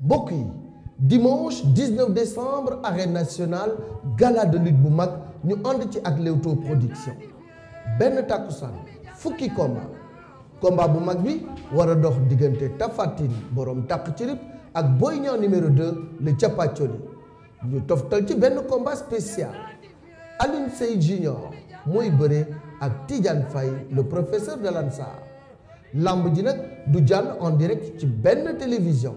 bokk yi dimanche 19 décembre arène national gala de lutte bu mag ñu ànd ci ak Leewtoo production benn takkusaan fukki combat combat bu mag bi war dox diggante Tapha Tine borom takk ci ak Boy Niang numéro 2 le capacoli ñu toftal ci benn combat spécial Alioune Seye Junior mooy bëre ak Tidiane fay le professeur de l'Ansar lamb ji nag du jàll en direct ci benn télévision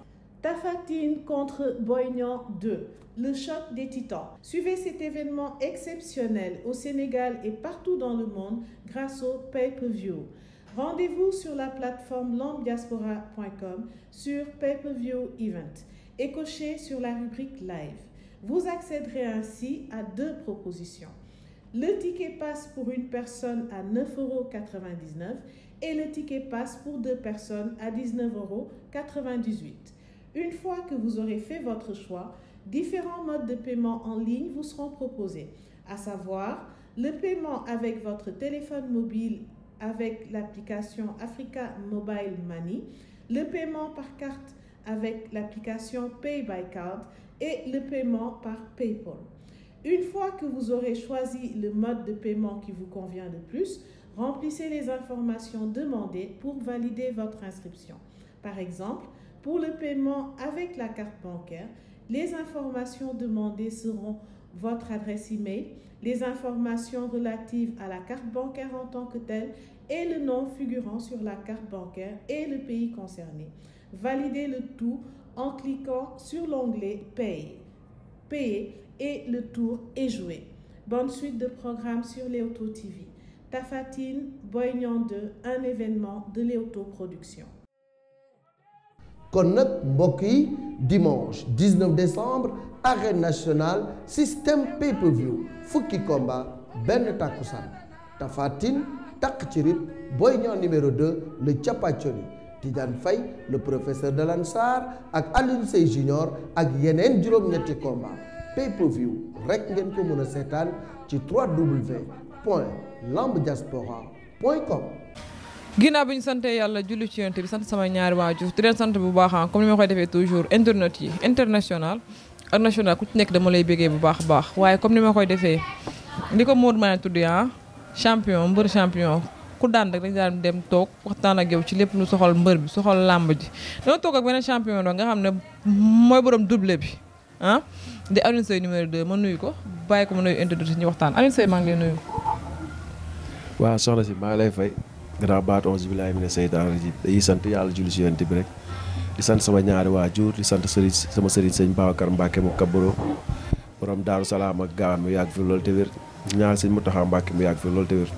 Tafatine contre Boignan 2, le choc des titans. Suivez cet événement exceptionnel au Sénégal et partout dans le monde grâce au pay-per-view. Rendez-vous sur la plateforme lambdiaspora.com sur pay-per-view event et cochez sur la rubrique live. Vous accéderez ainsi à deux propositions. Le ticket passe pour une personne à 9,99€ et le ticket passe pour deux personnes à 19,98€. Une fois que vous aurez fait votre choix, différents modes de paiement en ligne vous seront proposés, à savoir le paiement avec votre téléphone mobile avec l'application Africa Mobile Money, le paiement par carte avec l'application Pay by Card et le paiement par PayPal. Une fois que vous aurez choisi le mode de paiement qui vous convient de plus, remplissez les informations demandées pour valider votre inscription. Par exemple, Pour le paiement avec la carte bancaire, les informations demandées seront votre adresse email, les informations relatives à la carte bancaire en tant que telle et le nom figurant sur la carte bancaire et le pays concerné. Validez le tout en cliquant sur l'onglet Payer. Payer et le tour est joué. Bonne suite de programmes sur Léoto TV. Tafatine, Boignan 2, un événement de Léoto Production. kon nag mbokk yi dimanche 19 décembre arène nationale système pay-per-view fukki combat benn takkusaan Tapha Tine takk ci rit Boy Niang numéro 2 le Chapacholi Tidiane Faye le professeur de Lansar ak Alioune Seye Junior ak yeneen juróom-ñetti combat pay-per-view rek ngeen ko mën a seetaan ci 3W point lambdiaspora point ginnaaw bi ñu sante yàlla julli ci yonte bi sant sama ñaari waajur di leen sant bu baax ah, comme ni ma koy defee toujours internet yi international ak national ku ci nekk dama lay bégee bu baax a baax waaye comme ni ma koy defee li ko Modou Mané tudd ah champion mbër champion ku daan rek dañu daan dem toog waxtaan ak yow ci lépp lu soxal mbër bi soxal làmb ji dama toog ak beneen champion nga xam ne mooy borom double bi ah di Alioune Seye numéro nuyu ko bàyyi ko ma nuyu internet ñu waxtaan Alioune Seye maa ngi waaw soxna si maa lay fay. gannaaw baatu onze billahi mina seytaan rajim dañuy sant yàlla julli si yonent bi rek di sant sama ñaari waajur di sant sëriñ sama sëriñ sëñ Babacar Mbacke mu kaboro borom daaru salaam ak gaawaan mu yàgg fi loolu te wér ñaanal sëñ Mountakha Mbacke mu yàgg fi loolu te wér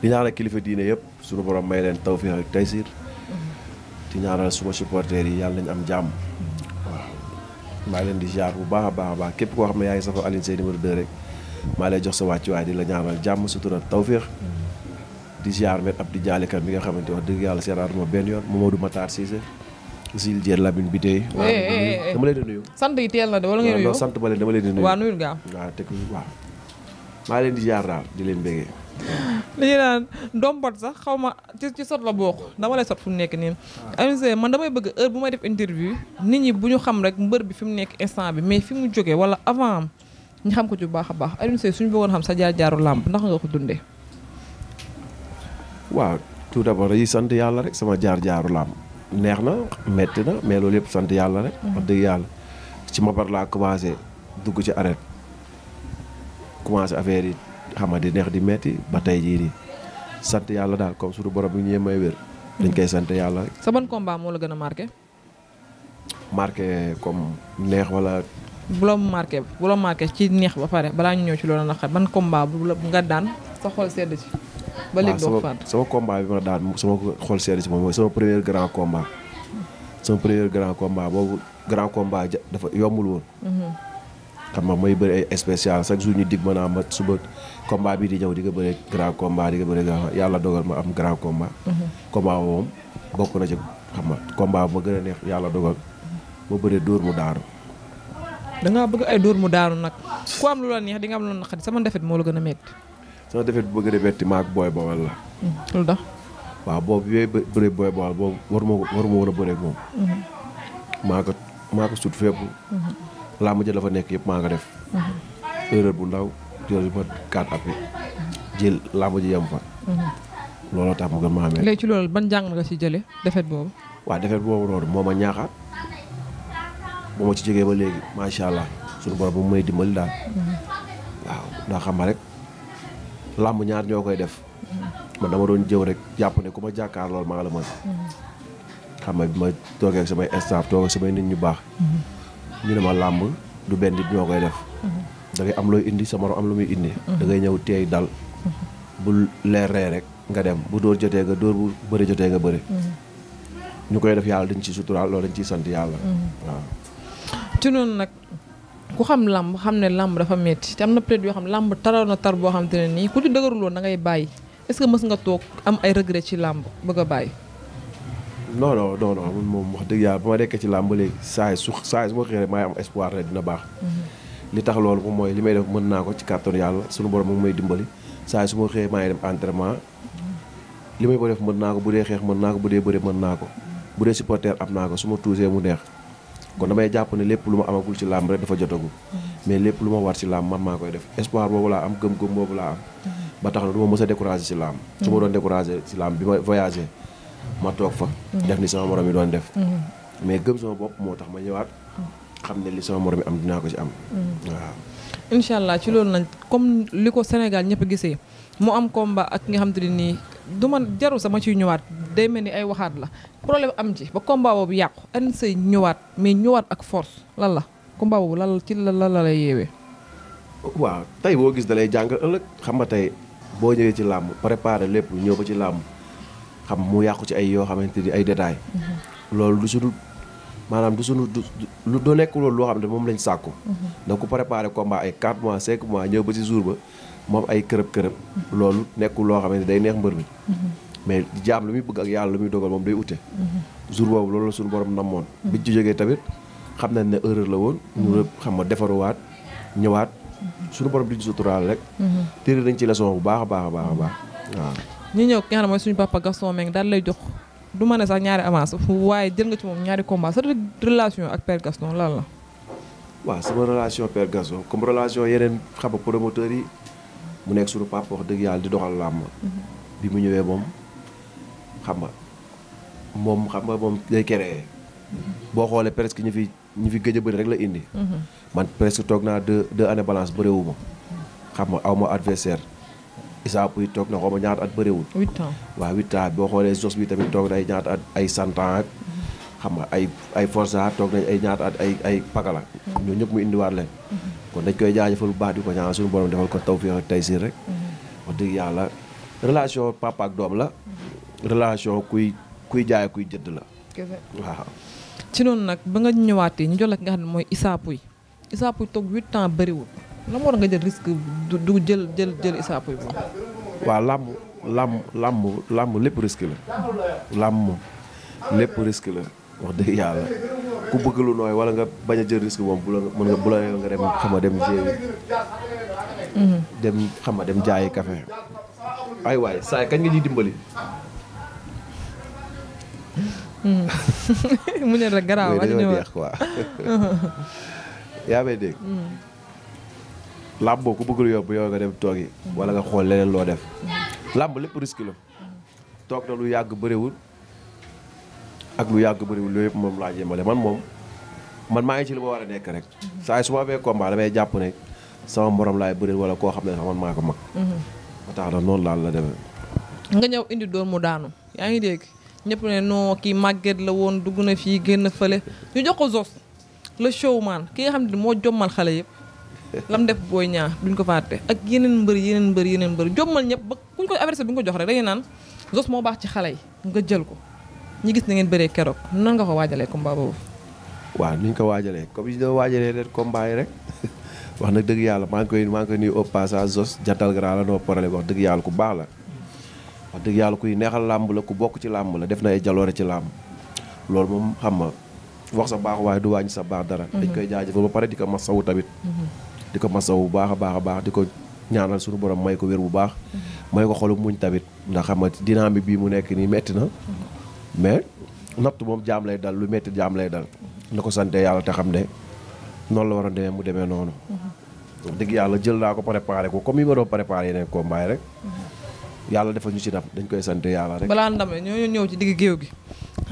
di ñaanal kilifa diine yëpp suñu borom may leen tawfiq ak taysir di ñaaral suma supporters yi yàlla nañu am jàmm waaw leen di jaar bu baax a baax a baax képp koo xam ne yaa ngi safoo Alioune Seye maa lay jox sa wàccuwaay di la ñaanal jàmm sutura tawfiq di ziar met ab di jaalikat mi nga xamante wax dëgg yàlla seeraatuma benn yoon Mamadou Matar Cissé Zil Dier Labine Biteye. Eh, waaw eh, eh. dama leen di nuyu. sant yi teel na de wala nga nuyu sant ba leen dama leen di nuyu. maa leen di ziar daal di leen bégee. li sax xaw ma ci ci la bokk dama lay sot fu mu nekk nii. waaw man damay bëgg heure bu may def interview nit ñi bu ñu xam rek mbër bi fi mu nekk instant bi mais fi mu jógee wala avant am ñu xam ko ci baax a baax Alioune Seye suñu bëggoon xam sa jaar jaaru làmp ndax nga ko dundee. waaw tout d'abord dañuy sant yàlla rek sama jaar-jaaru làmb neex na metti na mais loolu yëpp sant yàlla rek. ma mm-hmm. dëgg yàlla ci mbapat laa commencé dugg ci arène commencé affaire yi xam di neex di metti ba tey jii nii sant yàlla daal comme suñu borom bi ñëwee may wér. dañ koy sant yàlla rek. sa ban combat moo la gën a marqué. marke comme neex wala. bu la marqué bu la marqué ci neex ba pare balaa ñu ñëw ci loolu naqar ban combat bu la nga daan sa xol sedd ci. ba léegi doo faatu sama combat bi ma daan sama xool seeri si moom mooy sama premier grand combat. sama premier grand combat boobu grand combat dafa yombul woon. Mhm. xam nga may bëri ay spécial chaque ñu dig ma naa ma suba combat bi di ñëw di bëri grand combat di bëri grand yàlla dogal ma am grand combat. Mhm. combat moom bokk na ci xam nga combat ma gën a neex yàlla dogal ma bëri dóor mu daaru. da bëgg ay dóor mu daaru nag ku am lu la neex di am lu la naqari sama sama defet bu bëgg a betti maag booy bawal la. lu tax. waaw boobu yooyu bëree booy bawal boobu waruma waruma woon a bëree moom. Mm-hmm. maa ko maa ko sut fépp. Mm-hmm. làmb ja dafa nekk yëpp maa ko def. Mm-hmm. erreur bu ndaw jël ma quatre appuis jël làmb ji yem fa. looloo tax mu gën maa amee. léegi ci loolu ban jàng nga ci jëlee defet boobu. waaw defet boobu noonu moo ma ñaaxaat moo ma ci jógee ba léegi macha allah sunu borom bu may dimbali daal. waaw ndax xam nga rek. làmb ñaar ñoo koy def man dama doon jëw rek jàpp ne ku ma jàkkaar lool maa la mën xam bi ma toogee ak samay staff toogee ak samay nit ñu baax ñu ne ma làmb du benn nit ñoo koy def da ngay am looy indi sa morom am lu muy indi dangay ngay ñëw teey dal bu leeree rek nga dem bu dóor jotee nga dóor bu bëri jotee nga bëri ñu koy def yàlla dañ ci suturaal loolu dañ ciy sant yàlla mm-hmm. waaw ku xam làmb xam ne làmb dafa metti te am na peut-être yoo xam làmb taroon na tar boo xam te ne nii ku ci dëgëruloon da ngay bàyyi est-ce que mës nga toog am ay regret ci làmb bëgg a bàyyi. non non non non moom wax dëgg yàlla ba ma nekkee ci làmb léegi saa su saa su ma xëy rek am espoir mhm. li may def ko ci kàttanu yàlla sunu borom moom may dimbali ma xëyee mhm. li may ko def mën naa ko bu dee xeex mën naa ko bu dee bëre mën naa ko mhm. bu dee supporter am naa ko su ma tuusee mu neex. kon damay jàpp ne lépp lu ma amagul ci làmb rek dafa jotagu mais lépp lu ma war ci làmb man maa koy def espoir boobu laa am gëm-gëm boobu laa am ba tax na du ma mës a découragé ci làmb su ma doon découragé ci làmb bi ma voyagé ma toog fa def ni sama morom yi doon def mais gëm sama bopp moo tax ma ñëwaat xam ne li sama morom yi am dinaa ko ci am waaw incha allah ci loolu nañ comme li ko Sénégal ñëpp gisee mu am combat ak nga xam te ni du man jarul sax ci ciy ñëwaat day mel ni ay waxaat la problème am ci ba combat boobu yàqu Alioune Seye ñëwaat mais ñëwaat ak force lan la combat boobu lan la ci lan la lay yeewee. waaw tey boo gis dalay jàng jàngal ëllëg xam nga tey boo ñëwee ci làmb préparé lépp ñëw ba ci làmb xam mu yàqu ci ay yoo xamante ni ay détails. Mm-hmm. loolu du sunu maanaam du sunu du lu doo nekk loolu loo xam ne moom lañ sàkku. Mm-hmm. donc ku préparé combat ay 4 mois 5 mois ñëw ba ci jour ba. moom ay kërëb kërëb mm-hmm. loolu nekkul loo xamante ne day neex mbër mi mm-hmm. mais jaam lu muy bëgg ak yàlla lu muy dogal moom day ute mm-hmm. jour boobu loolu la suñu borom namoon biñ ci jógee tamit xam nañ ne erreur la woon ñu xam nga defaruwaat ñëwaat suñu borom di suturaal rek téere dañ ci leçon bu baax a baax a baax a baax waaw ñu ñëw ki nga xam mooy suñu papa Gaston Mbengue daal lay jox du ma ne sax ñaari avance waaye jël nga ci moom ñaari combat sa relation ak père Gaston la waaw sama relation père Gaston comme relation yeneen yi mu nekk suñu papa wax dëgg yàlla di doxal làmb bi mu ñëwee moom xam nga moom xam nga moom day créé boo xoolee presque ñu fi ñu fi gëj a bëri rek la indi man presque toog naa deux deux années balance bëriwuma xam nga aw ma adversaire Issa Pouye toog na xaw ma ñaata at bëriwul huit ans boo xoolee jos bi tamit toog na ay ñaata at ay cent ans ak xam nga ay ay forza toog nañ ay ñaata at ay ay pagala ñoo ñëpp mu indiwaat leen kon dañ koy jaajëfal bu baax di ko ñaan suñu borom defal ko tawfiq ak taysiir rek mhm. wax dëgg yàlla relation papa ak doom la mhm. relation kuy kuy jaay kuy jënd la waaw ci noonu nag ba nga ñëwaatee ñu jox la ki nga xam ne mooy Issa Pouye Issa Pouye toog huit ans bëriwul la moo war nga jël risque du jël jël jël Issa Pouye boobu waaw làmb làmb làmb lépp risque la làmb moom lépp la wax dëgg yàlla ku bëgg lu nooy wala nga bañ a jël risque boobu bu la mën nga bu la nga dem xama dem jéewi mm-hmm. dem xama dem jaayi café ay waay saay kañ nga ñuy dimbali mm-hmm. mu ne la garaaw ak ñëw deex quoi yaa may dégg mm-hmm. ku bëgg lu yóbbu yow nga dem toog yi wala nga xool leneen loo def làmb lépp risque la toog na lu yàgg bëriwul ak lu yàgg bëriwul loolu yëpp moom laa jëmale man moom man maa ngi ci li ma war a nekk rek saa yi su ma amee combat damay jàpp ne sama morom laay bëri wala koo xam ne sax man maa ko mag mhm. la demee nga ñëw indi doon mu daanu yaa ngi dégg ñëpp ne non kii màgget la woon dugg na fii génn fële ñu jox ko Zos le showman ki nga xam ne moo jommal xale yëpp lam def booy ñaa duñ ko fàtte ak yeneen mbër yeneen mbër yeneen mbër jommal ñëpp ba kuñ ko averse bi ñu ko jox rek dañuy naan Zos moo baax ci xale yi nga jël ko ñu gis na ngeen bëree keroog nan nga ko waajalee combat boobu. waaw ni ñu ko waajalee comme ni ñu doon waajalee leen combat rek wax na dëgg yàlla maa ngi koy maa ngi koy nuyu au passage Zos jantal grand la noo parale wax dëgg yàlla ku baax la. wax dëgg yàlla kuy neexal làmb la ku bokk ci làmb la def na ay jaloore ci làmb loolu moom xam ma wax sa baax waaye du wàññi sa baax dara. Mhm. dañ koy jaajëfal ba pare di ko masawu tamit. Mhm. di ko masawu bu baax a baax a baax di ko ñaanal suñu borom may ko wér bu baax. Mhm. may ko xolu muñ tamit ndax xam nga bi mu nekk nii metti na mais natt moom jaam lay dal lu metti jaam lay dal na ko sante yàlla te xam ne noonu la war a demee mu demee noonu mm-hmm. dëgg yàlla jël naa ko préparé ko comme yi ma doon préparé yeneen combat yi rek mm-hmm. yàlla defal ñu ci ndam dañ koy sant yàlla rek balaa ndame ñoo ñëw ci digg géew gi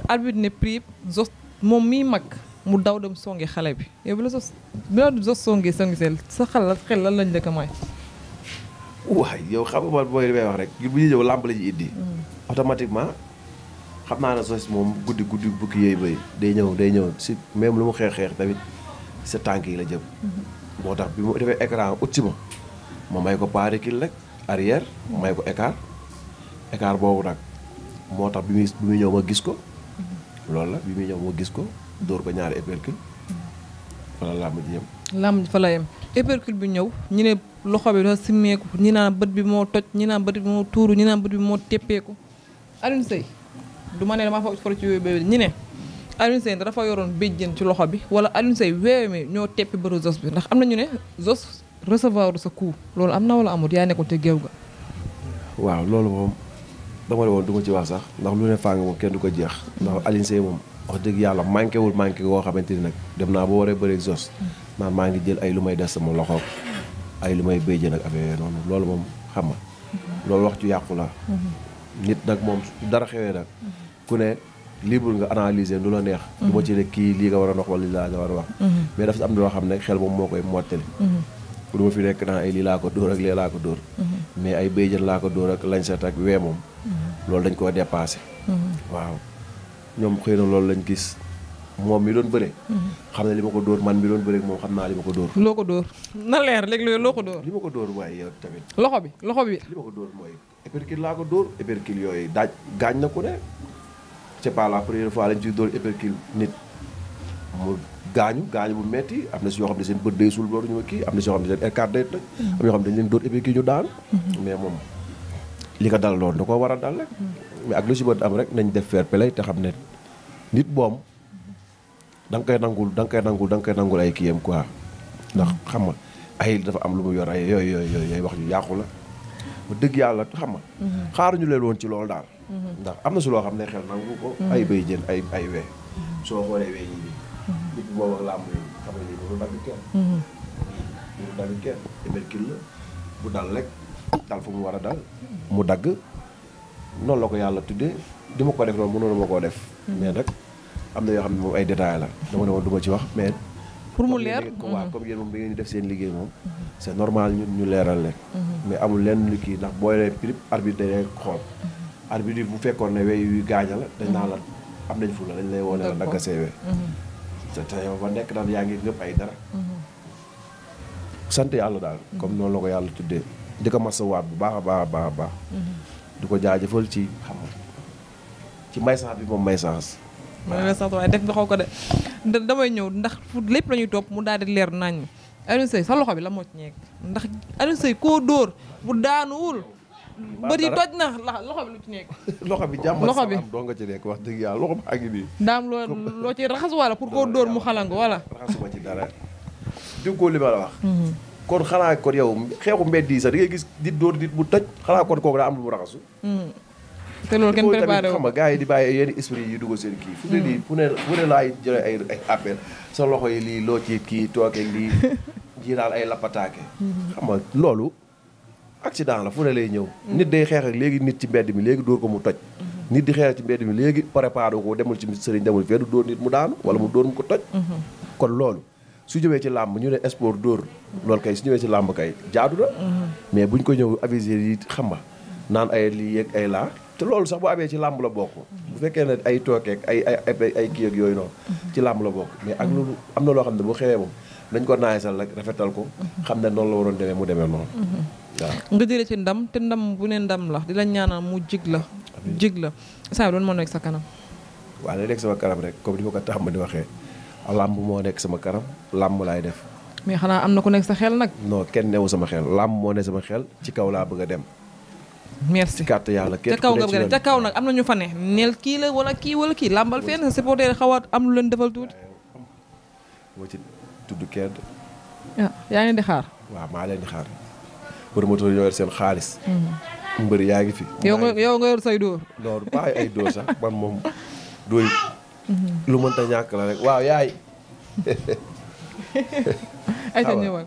arbitre ne prix Zoss moom mii mag mu daw dem songi xale bi yow bi la Zoss bi songi songi seel sa xel xel lan lañ dëkk may waay yow xam nga man mooy wax rek bu ñu ñëw làmb la indi mm-hmm. xam naa ne sos moom guddi guddi bukki yooyu bay day ñëw day ñëw si même lu mu xeex xeex tamit sa tànk yi la jëm. Mm-hmm. moo tax bi mu defee écran ut si ma ma ko pas recul rek arrière may ko écart boobu nag moo tax bi muy bi ñëw ma gis ko. Mm-hmm. loolu la bi muy ñëw ma gis ko dóor ko ñaari épercule wala mm-hmm. làmb ji yem. làmb ji la yem épercule ñëw ñu ne loxo bi dafa simmeeku ñu naan bët bi moo toj ñi naan bët bi moo tuuru ñu naan bët bi moo teppeeku Alioune Seye du ma ne damaa fa for ci wéy bébé ñi ne Alioune Seye dafa yoroon béjjën ci loxo bi wala Alioune weewe mi ñoo teppi bëru Zoss bi ndax am na ñu ne Zoss recevoir sa kuu loolu am na wala amut yaa nekkoon te géew ga waaw loolu moom dama ne woon du ma ci wax sax ndax lu ne fàng moom kenn du ko jeex ndax Alioune moom wax dëgg yàlla manqué wul manqué koo xamante ni nag dem naa boo waree bëreeg Zoss naan maa ngi jël ay lu may des sama loxo ay lu may béjjën ak affaire yooyu loolu moom xam nga loolu wax ci yàqu la mhm. moom dara xewee nag ku ne libre nga analyser lu la neex du ma ci ne kii lii nga war a wax wala lii laa nga war a wax mhm. mais dafa si am loo xam ne xel moom moo koy mottali mhm. du ma fi nekk naa ay lii laa ko dóor ak lii laa ko dóor mhm. mais ay béyjën laa na loolu lañ gis moom mi doon bëre xam ne li ma ko dóor man mi doon bëre moom xam naa li ma ko dóor loo ko dóor na leer léegi loolu loo ko dóor li ma ko dóor loxo bi loxo bi li ma ko dóor mooy épercule laa ko dóor épercule yooyu daaj gaañ na ku ne c'est pas la première fois lañ ciy dóor épercule nit mu gaañu gaañu bu metti am na si yoo xam ne seen bët day suul loolu ñu ma kii am na si yoo xam ne seen R4 day am dañ leen dóor épercule ñu mais moom li ko dal loolu da ko war a dal rek mais ak am rek nañ def fair play te xam ne nit boom da koy nangul da koy nangul da nga koy nangul ay kiyam quoi ndax xam nga ay dafa am lu mu yor ay yooyu yooyu yooyu wax yu yàqu la mu dëgg yàlla xam nga mm-hmm. xaaruñu leen woon ci loolu daal Mm-hmm. ndax am na su loo xam ne xel nangu ko. Mm-hmm. ay bay jën ay ay we. Mm-hmm. soo xoolee we yi nit boobu bu dal rek dal fu mu war a dal mu dagg noonu la ko yàlla tudde di ma ko def noonu mënoon ma koo def. mais nag am na yoo xam ne moom ay détails la dama ne woon du ma ci wax mais. pour mu leer waaw comme yéen moom bi ngeen def seen liggéey moom c'est normal ñun ñu leeral mais amul leen lu kii ndax booy leen prip arbitre day xool arbitre bu fekkoon ne wey yu gaaña la dañ naa la mm-hmm. am nañ fula dañ lay woo la naka see wee te mm-hmm. te yow ba nekk daal yaa ngi ngëpp ay dara mm-hmm. sant yàlla daal comme noonu la ko yàlla tuddee di ko masawaat bu baax a baax a baax baax di ko jaajëfal ci xam ci maysans bi moom maysans mën na sax waaye def nga xaw ko de damay ñëw ndax fu lépp lañuy ñuy topp mu daal di leer naññ Alioune Seye sa loxo bi la moo ci ndax Alioune Seye koo dóor bu daanuwul bëri toj na loxo bi lu ci nekk. loxo bi jàmmal salaam doo nga ci nekk wax dëgg yàlla loxo baa ngi nii. daam loo loo ci raxas wala pour koo dóor mu xalangu wala. raxasuma ci dara déggoo li ma la wax. kon xanaa kon yow xeexu mbedd yi sax di ngay gis dit dóor dit bu toj xanaa kon kooku daa am lu mu raxasu. Mm. te loolu kenn préparé wu xam yi di bàyyi yenn esprit yi dugg seen kii. fu ne nii mm. fu ne fu ne laay jëlee ay ay appel sa loxo yi lii loo ci kii tooke lii ji daal ay accident la fu ne lay ñëw. nit day xeex léegi nit ci mbedd mi léegi dóor ko mu toj. nit di xeex ci mbedd mi léegi préparé ko demul ci sëriñ demul fee du dóor nit mu daanu wala mu dóor mu ko toj. kon loolu su ñëwee ci làmb ñu ne sport dóor loolu kay su ñëwee ci làmb kay jaadu na. mais buñ ko ñëw aviser yi xam nga naan ay lii yeeg ay laa. te loolu sax bu amee ci làmb la bokk. bu fekkee ne ay tookeeg ay ay ay kii yooyu noonu. ci làmb la bokk mais ak loolu am na loo xam ne bu xewee moom dañ ko naayisal rek rafetal ko. xam ne noonu la waroon demee mu demee noonu. nga jëlee ci ndam te ndam bu ne ndam la di la ñaanal mu jig la jig la saa doon moo nekk sa kanam waaw la nekk sama kanam rek comme ni ko tax ma di waxee làmb moo nekk sama kanam làmb laay def mais xanaa am na ku nekk sa xel nag kenn newu sama xel làmb moo ne sama xel ci kaw laa bëgg a dem merci kàtt yàlla ca kaw nga ca kaw nag am na ñu fa ne neel kii la wala kii wala kii làmbal fenn sa supporter xawaat am lu leen defal tuuti moo ah, yaa ngi di xaar waaw maa leen di xaar promoteur ñoo yor seen xaalis. Mm-hmm. mbër yaa ngi fi. yow nga yor say dóor. non bàyyi ay dóor sax man moom dóor mm-hmm. lu mënta ñàkk la rek waaw yaay. ay sa ñëwal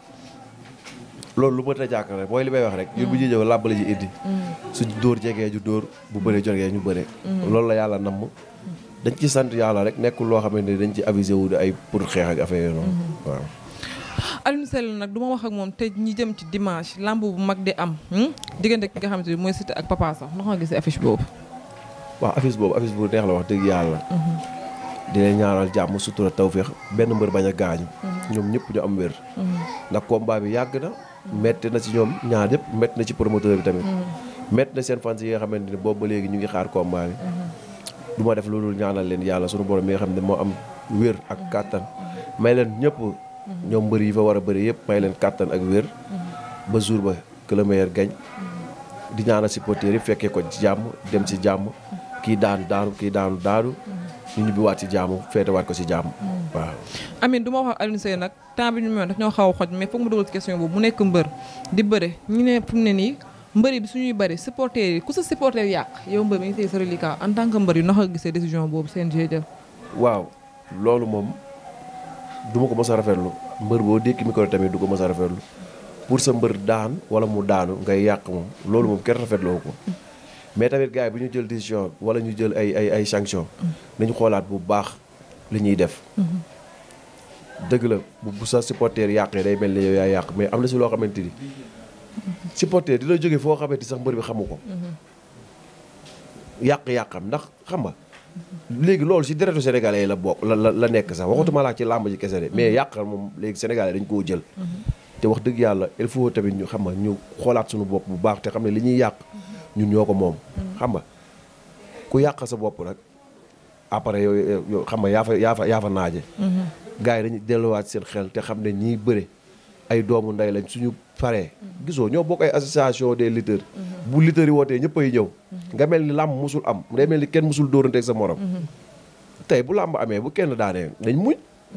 loolu lu mënta ñàkk la rek mooy li may wax rek. ñun bu ñuy ñëw làmb la ji indi. Mm. su dóor jegee ñu dóor bu bëree jorgee ñu bëree. Mm. loolu la yàlla namm. Mm. dañ ci sant yàlla rek nekkul loo xamante ne dañ ci avisé wu ay pour xeex ak affaire noonu mm-hmm. waaw. Alioune Seye nag du ma wax ak moom te ñi jëm ci dimanche lamb bu mag di am hmm? diggante ki nga xamante ni mooy Siteu ak Papa Sow ndax nga gis affiche boobu. waaw affiche boobu affiche bu neex la wax dëgg yàlla. Mm-hmm. di leen ñaanal jàmm sutura tawféex benn mbër bañ a gaañu. Mm-hmm. ñoom ñëpp ñu am wér. Mm-hmm. ndax combat bi yàgg na. metti na ci ñoom ñaar ñëpp metti na ci promoteur bi tamit. metti na seen fans yi nga xamante ni boobu ba léegi ñu ngi xaar combat bi. du ma def loolu ñaanal leen yàlla sunu borom mi nga xam ne moo am wér ak kàttan may leen ñëpp. ñoom mbër yi fa war a bëri yëpp may leen kàttan ak wér. ba jour ba que le meilleur gagne. di ñaanal supporters yi fekkee ko ci jàmm dem ci jàmm. kii daanu daanu kii daanu daanu. ñu ñibbiwaat ci jàmm waat ko ci jàmm. waaw Amine du ma wax ak nag temps bi ñu mel daf ñoo xaw a xoj mais foog mu dugal mu nekk mbër di bëre ñu ne fu ne nii mbër yi suñuy bëri supporters ku sa supporter yàq yow mbër mi ngi say sa en tant que mbër yi naka gisee décision boobu seen jël waaw loolu moom du ma ko mos a rafetlu mbër boo dékki micro tamit du ko mos a rafetlu pour sa mbër daan wala mu daanu ngay yàq moom loolu moom kenn rafetloo ko mais tamit gars bi bu ñu jël décision wala ñu jël ay ay ay sanction nañu xoolaat bu baax li ñuy def dëgg la bu sa yàq yi day mel ni yow yàq mais am na si loo xamante ni supporter dina jóge foo xamante sax mbër bi xamu ko mm-hmm. yàq-yàqam ndax xam nga léegi loolu si deretu sénégalais yi la bokk la la la nekk sax waxatuma laa ci làmb ji kese de mm-hmm. mais yàqal moom léegi sénégalais dañ koo jël mm-hmm. te wax dëgg yàlla il faut tamit ñu xam nga ñu xoolaat suñu bopp bu baax te xam ne li ñuy yàq mm-hmm. ñun ñoo ko moom xam nga ku yàq sa bopp nag après yow xam nga yaa fa yaa yaa fa naaje gars yi dañ delluwaat seen xel te xam ne ñiy bëre ay doomu ndey lañ suñu pare gisoo ñoo bokk ay association des lutteurs bu lutteurs yi wootee ñëpp ay ñëw nga mel ni làmb musul am day mel ni kenn musul dóoranteeg sa morom tey bu làmb amee bu kenn daanee dañ muñ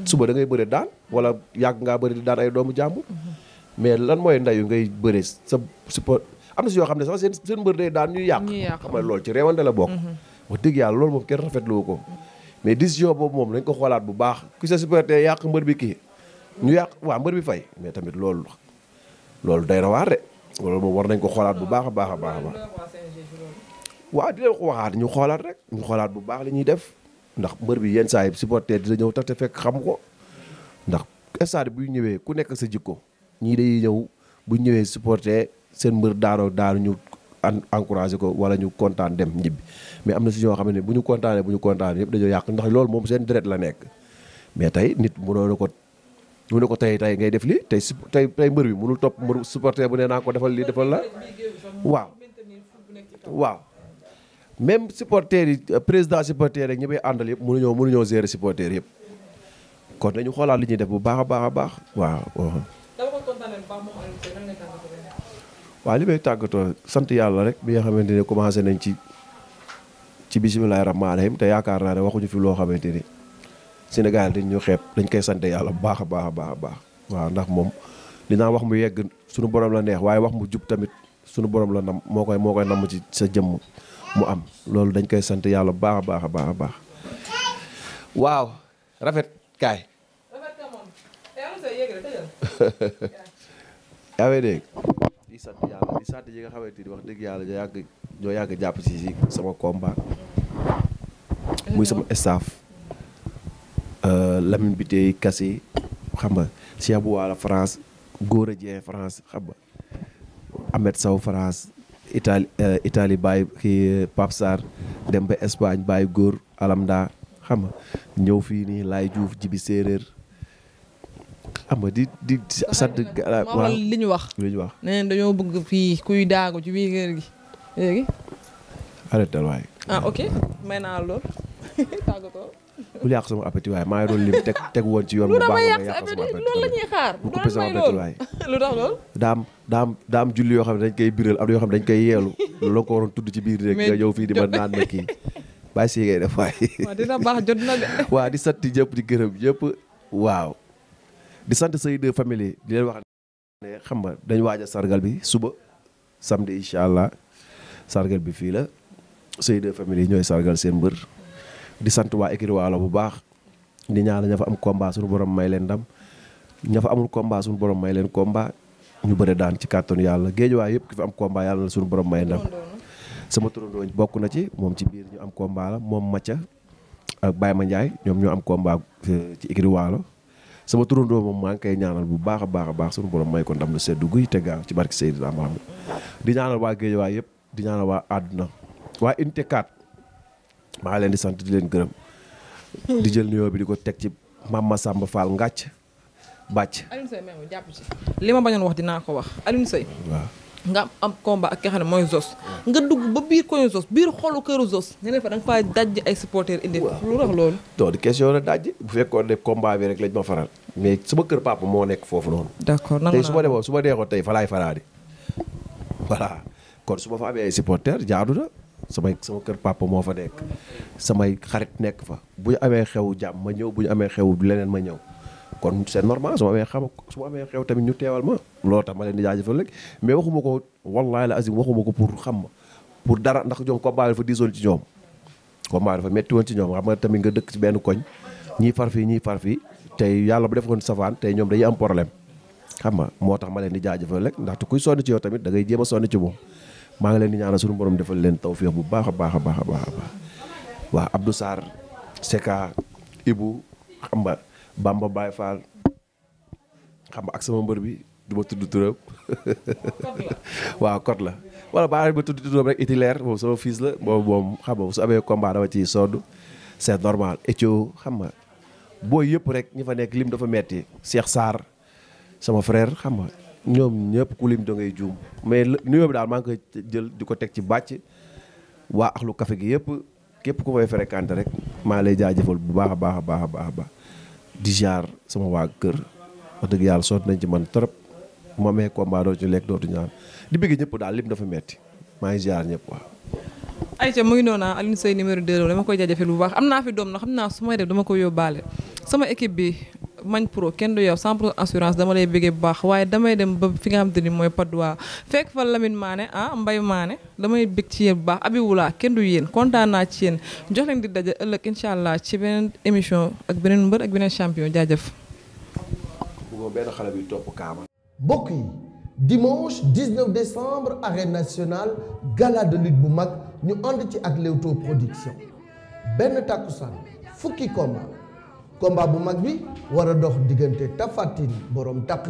suba da ngay bëre daan wala yàgg ngaa bëri di daan ay doomu jàmbur mais lan mooy ndayu ngay bëre sa support am na si yoo xam ne sax seen seen mbër day daan ñuy yàq xam nga loolu ci réewante la bokk mm-hmm. wax dëgg yàlla loolu moom kenn rafetlu ko mais décision boobu moom ko xoolaat bu baax ku sa supporter yàq mbër bi kii ñu yàq waa mbër bi fay mais tamit loolu day waat de loolu moom war nañ ko xoolaat bu baax a baax a baax a baax waaw di leen ko waxaat ñu xoolaat rek ñu xoolaat bu baax la ñuy def ndax mbër bi yenn saa yi supporter dina ñëw tax te fekk xam ko ndax stade bu ñëwee ku nekk sa jikko ñii day ñëw bu ñëwee supporter seen mbër daanoo daanu ñu encouragé ko wala ñu kontaan dem ñibbi mais am na si ñoo xam ne bu ñu kontaanee bu ñu kontaanee yëpp dañoo yàq ndax loolu moom seen deret la nekk mais tey nit mënoo ko mu ko tey tey ngay def li tey tey tey mbër bi mënul topp mbër supporter bu nee naa ko defal lii defal la waaw waaw même supporter yi président supporter rek ñi may àndal yëpp mënuñoo mënuñoo gérer supporter yëpp kon dañu xoolaat li ñuy def bu baax a baax a baax waaw waaw li may tàggatoo sant yàlla rek bi nga xamante ne commencé nañ ci ci bisimilah rahmaani rahim te yaakaar naa ne waxuñu fi loo xamante ni Sénégal dañ ñu xeeb dañ koy sante yàlla bu baax a baax a baax a baax waaw ndax moom dinaa wax mu yegg sunu borom la neex waaye wax mu jub tamit suñu borom la nam moo koy moo koy nam ci sa jëmm mu am loolu dañ koy sant yàlla bu baax baax a baax a baax waaw rafet kaay yaa ngi dégg di yi nga xamante ni wax dëgg yàlla ñoo yàgg ñoo yàgg jàpp ci si sama combat muy sama Euh, Lamine Biteye Kassi xam nga Cheikh Bouwala France Gora Dieng France xam nga Ahmed France Itali euh, Italie bàyyi kii euh, Pape dem ba Espagne bàyyi góor Alamda xam nga ñëw fii nii Laye Diouf Jibi Séeréer xam nga di di sant. Ah, waaw li ñu wax. li wax nee dañoo bëgg fii kuy daagu ci biir kër gi léegi. arrêté waay. ah ok may naa lool tàggatoo lu yàq sama appétit waaye maa ngi doon lim teg teg woon ci yoon bu baax ma yàq sama appétit loolu la xaar lu tax loolu daam daam daam julli yoo xam ne dañ koy biral am yoo xam ne dañ koy yeelu loolu la ko waroon tudd ci biir rek nga ñëw fii di ma naan ma kii bàyyi si ngay def waaye waaw di sant ñëpp di gërëm ñëpp waaw sant say deux famille di leen wax ne xam nga dañ waaj sargal bi suba samedi incha allah sargal bi fii la say deux famille yi ñooy sargal seen mbër di sant waa écurie Waalo bu baax di ñaanal ña fa am combat borom may leen ndam ña amul combat suñu borom may leen combat ñu bëre daan ci kàttanu yàlla géejuwaay yëpp am combat yàlla na borom may ndam sama turandoo bokk na ci moom ci biir ñu am combat la moom Macha ak Ma Ndiaye ñoom ñoo am combat euh, ci écurie Waalo sama turandoo moom maa ngi koy ñaanal bu baax a baax a baax suñu borom may ko ndam lu seddu guy te gaaw ci barki Seydina di ñaanal waa géejuwaay yëpp di ñaanal waa àdduna waa unité 4 maa leen di sant di leen gërëm di jël nuyoo bi di ko teg ci Mame Massamba Fall Ngathie bàcc Alioune Seye même jàpp li ma bañoon wax dinaa ko wax Alioune Seye waaw nga am combat ak ki ne mooy Zos nga dugg ba biir koñu Zos biir xolu këru Zos nga ne fa da faa dajj ay supporter indi lu tax loolu doo di question la dajj bu fekkoon ne combat bi rek lañ ma faral mais su sama kër papa moo nekk foofu noonu d'accord tey su ma demoon su ma deexoon tey falaay laay faraadi voilà kon su ma fa amee ay supporter samay sama kër papa moo fa nekk samay xarit nekk fa bu ñu amee xew jàmm ma ñëw bu ñu amee xew leneen ma ñëw kon seen normal su ma amee xam su amee xew tamit ñu teewal ma loolu tax ma leen di jaajëfal rek mais waxuma ko wallahi la waxuma ko pour xam ma pour dara ndax ñoom combat dafa diisoon ci ñoom combat dafa metti woon ci ñoom xam nga tamit nga dëkk ci benn koñ ñii far fii ñii far fii tey yàlla bu defoon safaan tey ñoom dañuy am problème xam nga moo tax ma leen di jaajëfal rek ndaxte kuy sonn ci yow tamit da ngay jéem sonn ci moom maa ngi leen di ñaanal suñu borom defal leen tawféex bu baax a baax a baax a baax waa Abdou Sarr Seka Ibu xam nga Bamba Baye Fall xam nga ak sama mbër bi du ma tudd turam waaw kot la wala baax ba tudd turam rek itilaire moom sama fiis la boobu moom xam nga su amee combat dama ciy sodd c'est normal Etio xam nga boo yëpp rek ñi fa nekk lim dafa metti Cheikh Sarr sama frère xam nga. ñoom ñëpp ku lim da ngay juum mais nuyoo bi daal maa ngi koy jël di ko teg ci bàcc waa axlu kafe gi yëpp képp ku may fréquenté rek maa lay jaajëfal bu baax a baax a baax a baax a baax di jaar sama waa kër wax dëgg yàlla soot nañ ci man trop bu ma amee combat doo ci lekk dootu ñaan di bëgg ñëpp daal lim dafa metti maa ngi jaar ñëpp waaw. Aïcha mu ngi noonu ah, Alioune Seye numéro 2 dama koy jaajëfal bu baax am naa fi doom na xam naa su may def dama ko yóbbaale sama équipe bi. mañ pro kenn du yow 100 assurance dama lay bëggee bu baax waaye damay dem ba fi nga xam te ni mooy Padois fekk fa Lamine Mané ah mbay Mané damay bëgg ci yéen bu baax Abibula kenn du yéen kontaan naa ci yéen jox leen di daje ëllëg incha allah ci beneen émission ak beneen mbër ak beneen champion jaajëf. benn xale bi topp kaama. mbokk yi dimanche 19 décembre arène nationale gala bu mag ñu ànd ci ak Leewtoo production benn takkusaan fukki combat combat bu mag bi war a dox diggante tafatin boroom borom takk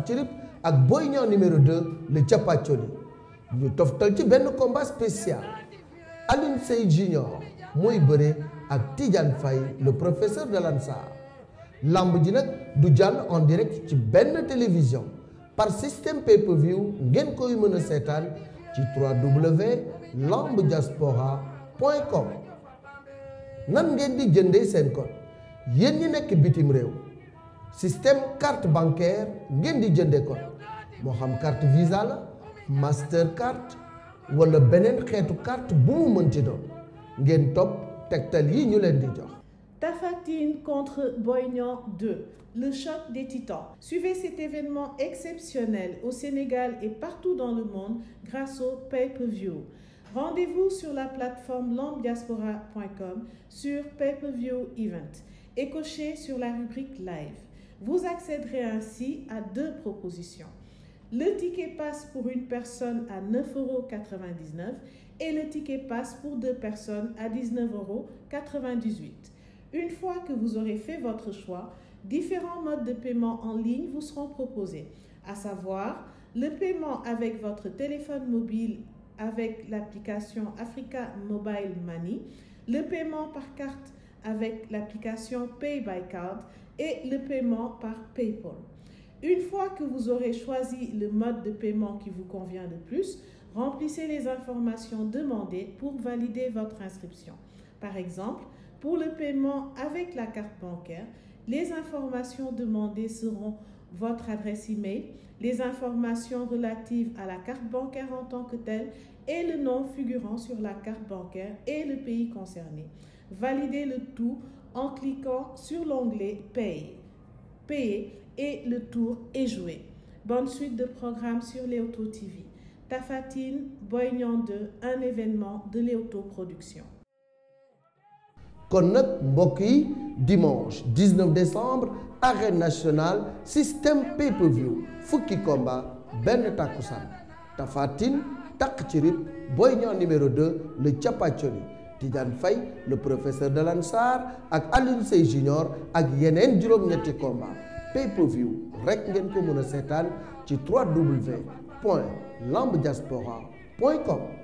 ak Boy Niang numéro 2 le Thiapathioly ñu toftal ci benn combat spécial Alioune Seye Junior mooy bëre ak Tidiane fay le professeur de l'Ansar làmb ji nag du jàll en direct ci benn télévision par système pay-per-view ngeen koy mën a seetaan ci 3w lambdiaspora point com nan ngeen di jëndee seen code yéen ñi nekk bitim réew système carte bancaire ngeen di jëndee ko moo xam carte visa la master carte wala beneen xeetu carte bu mu mënti doon ngeen topp tegtal yi ñu leen di jox. Tafatine contre Boy Niang 2, le choc des titans. Suivez cet événement exceptionnel au Sénégal et partout dans le monde grâce au pay-per-view. Rendez-vous sur la plateforme lambdiaspora.com sur pay-per-view event. et cochez sur la rubrique Live. Vous accéderez ainsi à Le ticket passe pour une personne à 9,99 euros et le ticket passe pour à 19,98 euros. Une fois que vous aurez fait votre choix, différents à savoir le paiement avec votre téléphone mobile avec avec l'application Pay by Card et le paiement par PayPal. Une fois que vous aurez choisi le mode de paiement qui vous convient de plus, remplissez les informations demandées pour valider votre inscription. Par exemple, pour le paiement avec la carte bancaire, les informations demandées seront votre adresse e-mail, les informations relatives à la carte bancaire en tant que telle et le nom figurant sur la carte bancaire et le pays concerné. Validez le tout en cliquant sur l'onglet Payer. Payer et le tour est joué. Bonne suite de programmes sur Leoto TV. Tafatine, Boignan 2, un événement de Leoto Production. kon nag mbokk yi dimanche 19 décembre arène nationale système pay-per-view fukki combat benn takkusaan Tapha Tine takk ci rib Boy Niang numéro le capachoni Tidiane fay le professeur de l'Ansar ak Alioune Seye Junior ak yeneen juróom-ñetti combat pay per view rek ngeen ko mën a seetaan ci 3w point lamb diaspora point com